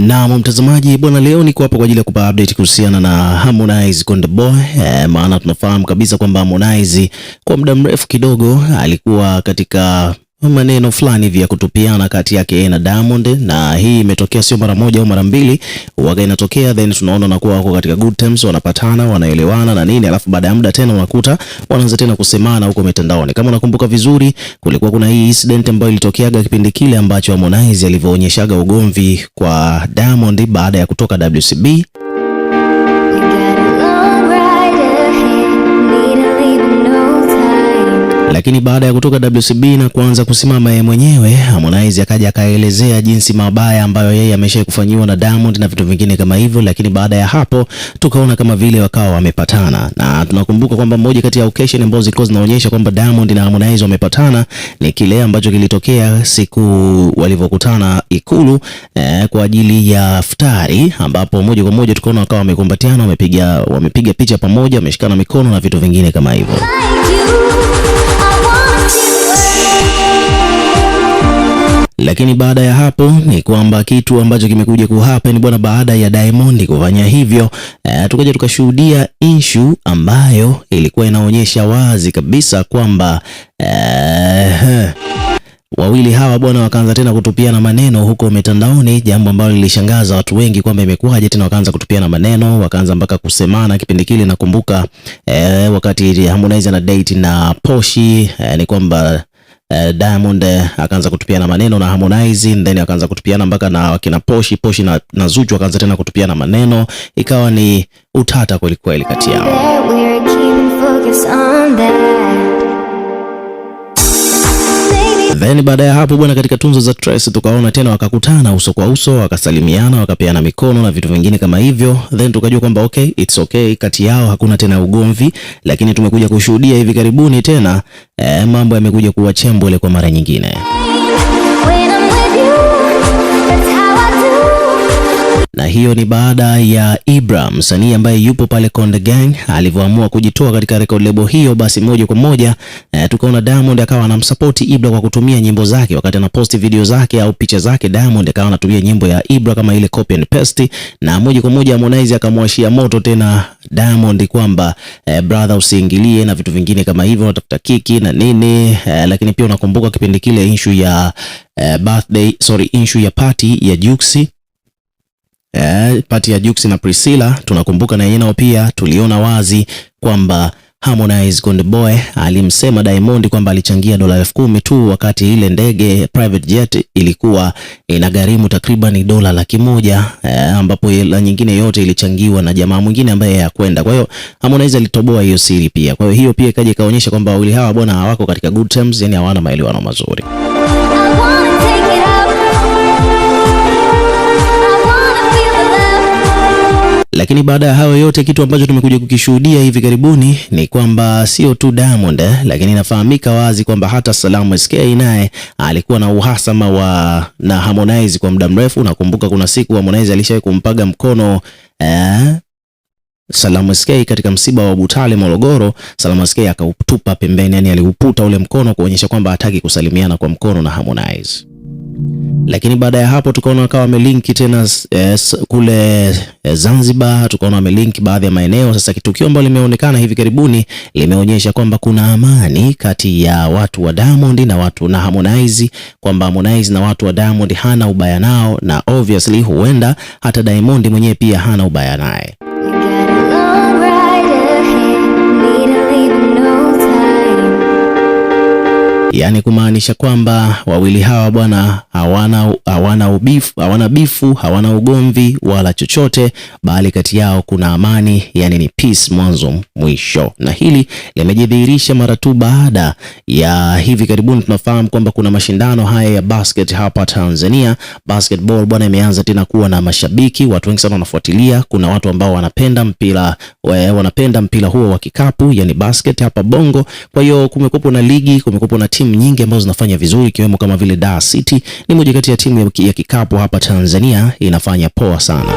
Na mtazamaji bwana, leo niko hapa kwa ajili ya kupa update kuhusiana na Harmonize Konde Boy Eh, maana tunafahamu kabisa kwamba Harmonize kwa muda mrefu kidogo alikuwa katika maneno fulani vya kutupiana kati yake na Diamond, na hii imetokea sio mara moja au mara mbili, waga inatokea, then tunaona kuwa wako katika good terms, wanapatana, wanaelewana na nini, alafu baada ya muda tena unakuta wanaanza tena kusemana huko mitandaoni. Kama unakumbuka vizuri, kulikuwa kuna hii incident ambayo ilitokeaga kipindi kile ambacho Harmonize alivyoonyeshaga ugomvi kwa Diamond baada ya kutoka WCB. Lakini baada ya kutoka WCB na kuanza kusimama yeye mwenyewe, Harmonize akaja akaelezea jinsi mabaya ambayo yeye amesha kufanyiwa na Diamond na vitu vingine kama hivyo. Lakini baada ya hapo tukaona kama vile wakawa wamepatana, na tunakumbuka kwamba moja kati ya occasion ambazo ziko zinaonyesha kwamba Diamond na Harmonize wamepatana ni kile ambacho kilitokea siku walivyokutana Ikulu eh, kwa ajili ya futari, ambapo moja kwa moja tukaona wakawa wamekumbatiana, wamepiga wamepiga picha pamoja, wameshikana mikono na vitu vingine kama hivyo. Lakini baada ya hapo ni kwamba kitu ambacho kimekuja ku happen bwana, baada ya Diamond kufanya hivyo eh, tukaja tukashuhudia issue ambayo ilikuwa inaonyesha wazi kabisa kwamba eh, wawili hawa bwana wakaanza tena kutupiana maneno huko mitandaoni, jambo ambalo lilishangaza watu wengi kwamba imekuwaje tena wakaanza kutupiana maneno, wakaanza mpaka kusemana. Kipindi kile nakumbuka eh, wakati Harmonize na date na Poshi eh, ni kwamba Eh, Diamond eh, akaanza kutupiana maneno na Harmonize, then akaanza kutupiana mpaka na wakina Poshi Poshi na, na Zuchu akaanza tena kutupiana maneno, ikawa ni utata kwelikweli kati yao. Then baada ya hapo bwana, katika tunzo za Trace tukaona tena wakakutana uso kwa uso, wakasalimiana, wakapeana mikono na vitu vingine kama hivyo, then tukajua kwamba okay, it's okay, kati yao hakuna tena ugomvi, lakini tumekuja kushuhudia hivi karibuni tena eh, mambo yamekuja kuwa chembole kwa mara nyingine. na hiyo ni baada ya Ibra msanii ambaye yupo pale Konde Gang alivyoamua kujitoa katika record label hiyo, basi moja kwa moja eh, tukaona Diamond akawa anamsupport Ibra kwa kutumia nyimbo zake. Wakati anaposti video zake au picha zake, Diamond akawa anatumia nyimbo ya Ibra kama ile copy and paste, na moja kwa moja Harmonize akamwashia moto tena Diamond kwamba eh, brother usiingilie na vitu vingine kama hivyo, unatafuta kiki na nini eh, lakini pia unakumbuka kipindi kile issue ya eh, birthday sorry, issue ya party ya Juksi eh, pati ya Jux na Priscilla, tunakumbuka na yeye nao pia tuliona wazi kwamba Harmonize Gold Boy alimsema Diamond kwamba alichangia dola elfu kumi tu wakati ile ndege private jet ilikuwa inagharimu takriban dola laki moja eh, ambapo la nyingine yote ilichangiwa na jamaa mwingine ambaye hayakwenda. Kwa hiyo Harmonize alitoboa hiyo siri pia. Kwa hiyo hiyo pia ikaja ikaonyesha kwamba wawili hawa bwana hawako katika good terms, yani hawana maelewano mazuri. Lakini baada ya hayo yote, kitu ambacho tumekuja kukishuhudia hivi karibuni ni kwamba sio tu Diamond, eh, lakini inafahamika wazi kwamba hata Salamu SK naye alikuwa na uhasama wa na Harmonize kwa muda mrefu. Nakumbuka kuna siku Harmonize alishawahi kumpaga mkono eh, Salamu SK katika msiba wa Butale Morogoro. Salamu SK akautupa pembeni, yani aliuputa ule mkono kuonyesha kwamba hataki kusalimiana kwa mkono na Harmonize lakini baada ya hapo tukaona wakawa wamelinki tena eh, kule eh, Zanzibar tukaona wamelinki baadhi ya maeneo. Sasa tukio ambalo limeonekana hivi karibuni limeonyesha kwamba kuna amani kati ya watu wa Diamond na watu na Harmonize, kwamba Harmonize na watu wa Diamond hana ubaya nao, na obviously huenda hata Diamond mwenyewe pia hana ubaya naye. yaani kumaanisha kwamba wawili hawa bwana hawana hawana ubifu, hawana bifu, hawana ugomvi wala chochote, bali kati yao kuna amani, yani ni peace mwanzo mwisho. Na hili limejidhihirisha mara tu baada ya hivi karibuni, tunafahamu kwamba kuna mashindano haya ya basket hapa Tanzania. Basketball bwana, imeanza tena kuwa na mashabiki, watu wengi sana wanafuatilia. Kuna watu ambao wanapenda mpira we, wanapenda mpira huo wa kikapu, yani basket hapa Bongo. Kwa hiyo kumekuwepo na ligi, kumekuwepo na timu nyingi ambazo zinafanya vizuri, ikiwemo kama vile Dar City ni moja kati ya timu ya kikapu hapa Tanzania inafanya poa sana.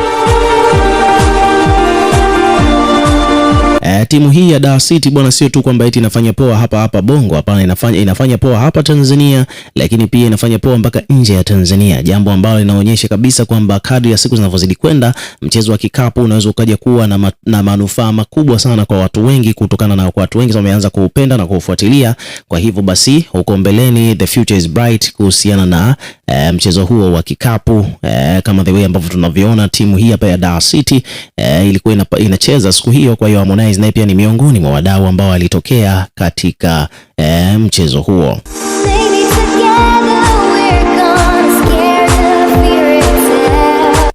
Eh, timu hii ya Dar City bwana, sio tu kwamba eti inafanya poa hapa hapa Bongo, hapana, inafanya, inafanya poa hapa Tanzania, lakini pia inafanya poa mpaka nje ya Tanzania, jambo ambalo linaonyesha kabisa kwamba kadri ya siku zinavyozidi kwenda, mchezo wa kikapu unaweza ukaja kuwa na, na manufaa makubwa sana kwa watu wengi, kutokana na kwa watu wengi wameanza kuupenda na kuufuatilia. Kwa hivyo basi, huko mbeleni the future is bright kuhusiana na e, mchezo huo wa kikapu e, kama the way ambavyo tunavyoona timu hii hapa ya Dar City e, ilikuwa ina, inacheza siku hiyo. Kwa hiyo Harmonize naye pia ni miongoni mwa wadau ambao walitokea katika e, mchezo huo.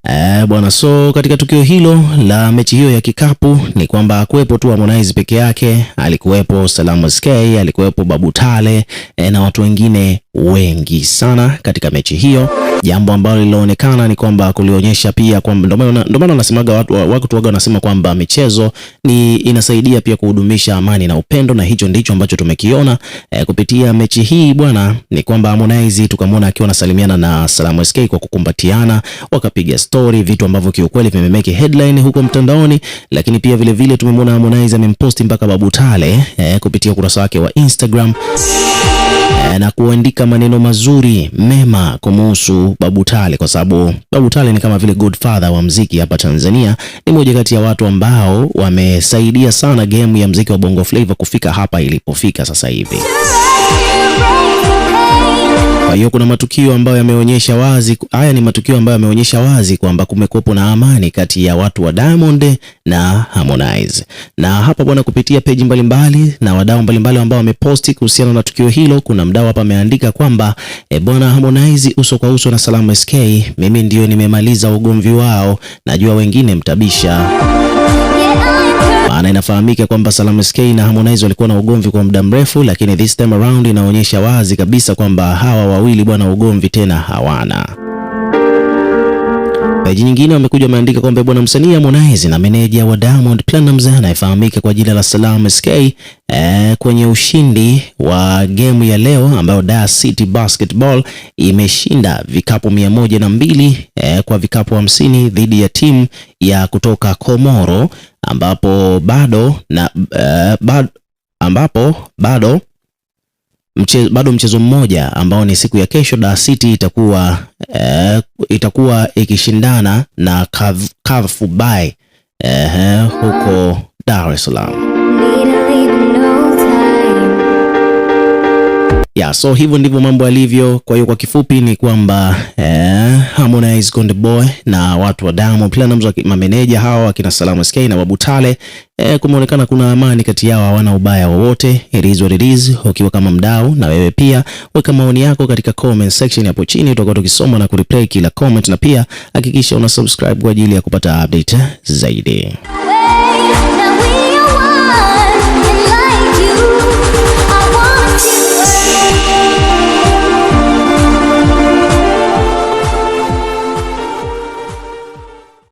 E, bwana so katika tukio hilo la mechi hiyo ya kikapu ni kwamba kuwepo tu Harmonize peke yake, alikuwepo Salamu SK, alikuwepo Babu Tale e, na watu wengine wengi sana katika mechi hiyo jambo ambalo lilionekana ni kwamba kulionyesha pia kwamba ndio maana wanasemaga watu waga wanasema kwamba michezo ni inasaidia pia kuhudumisha amani na upendo, na hicho ndicho ambacho tumekiona e, kupitia mechi hii bwana. Ni kwamba Harmonize tukamwona akiwa anasalimiana na Salamu SK kwa kukumbatiana, wakapiga story, vitu ambavyo kiukweli vimemeke headline huko mtandaoni, lakini pia vile vile tumemwona Harmonize amemposti mpaka Babu Tale e, eh, kupitia ukurasa wake wa Instagram na kuandika maneno mazuri mema kumuhusu Babu Tale, kwa sababu Babu Tale ni kama vile godfather wa mziki hapa Tanzania. Ni moja kati ya watu ambao wamesaidia sana game ya mziki wa Bongo Flava kufika hapa ilipofika sasa hivi. Kwa hiyo kuna matukio ambayo yameonyesha wazi, haya ni matukio ambayo yameonyesha wazi kwamba kumekuwepo na amani kati ya watu wa Diamond na Harmonize. Na hapa bwana, kupitia peji mbalimbali na wadau mbalimbali ambao wameposti kuhusiana na tukio hilo, kuna mdau hapa ameandika kwamba e, bwana Harmonize uso kwa uso na Salamu SK, mimi ndio nimemaliza ugomvi wao, najua wengine mtabisha na inafahamika kwamba Salam SK na Harmonize walikuwa na ugomvi kwa muda mrefu, lakini this time around inaonyesha wazi kabisa kwamba hawa wawili bwana, ugomvi tena hawana. Peji nyingine wamekuja wameandika kwamba bwana msanii Harmonize na meneja wa Diamond Platnumz anayefahamika kwa jina la Salam SK eh, kwenye ushindi wa gemu ya leo ambayo Dar City Basketball imeshinda vikapu mia moja na mbili eh, kwa vikapu hamsini dhidi ya timu ya kutoka Komoro ambapo bado na uh, eh, bado, ambapo bado mche, bado mchezo mmoja ambao ni siku ya kesho Dar City itakuwa uh, itakuwa ikishindana na Kafu uh, eh, huko Dar es Salaam. Yeah, so hivyo ndivyo mambo yalivyo. Kwa hiyo kwa kifupi ni kwamba eh, Harmonize Konde Boy na watu wa Diamond Platnumz, mameneja hawa akina Salama SK na Babu Tale eh, kumeonekana kuna amani kati yao, hawana ubaya wowote. It is what it is. Ukiwa kama mdau na wewe pia weka maoni yako katika comment section hapo chini, tutakuwa tukisoma na kureply kila comment, na pia hakikisha una subscribe kwa ajili ya kupata update zaidi.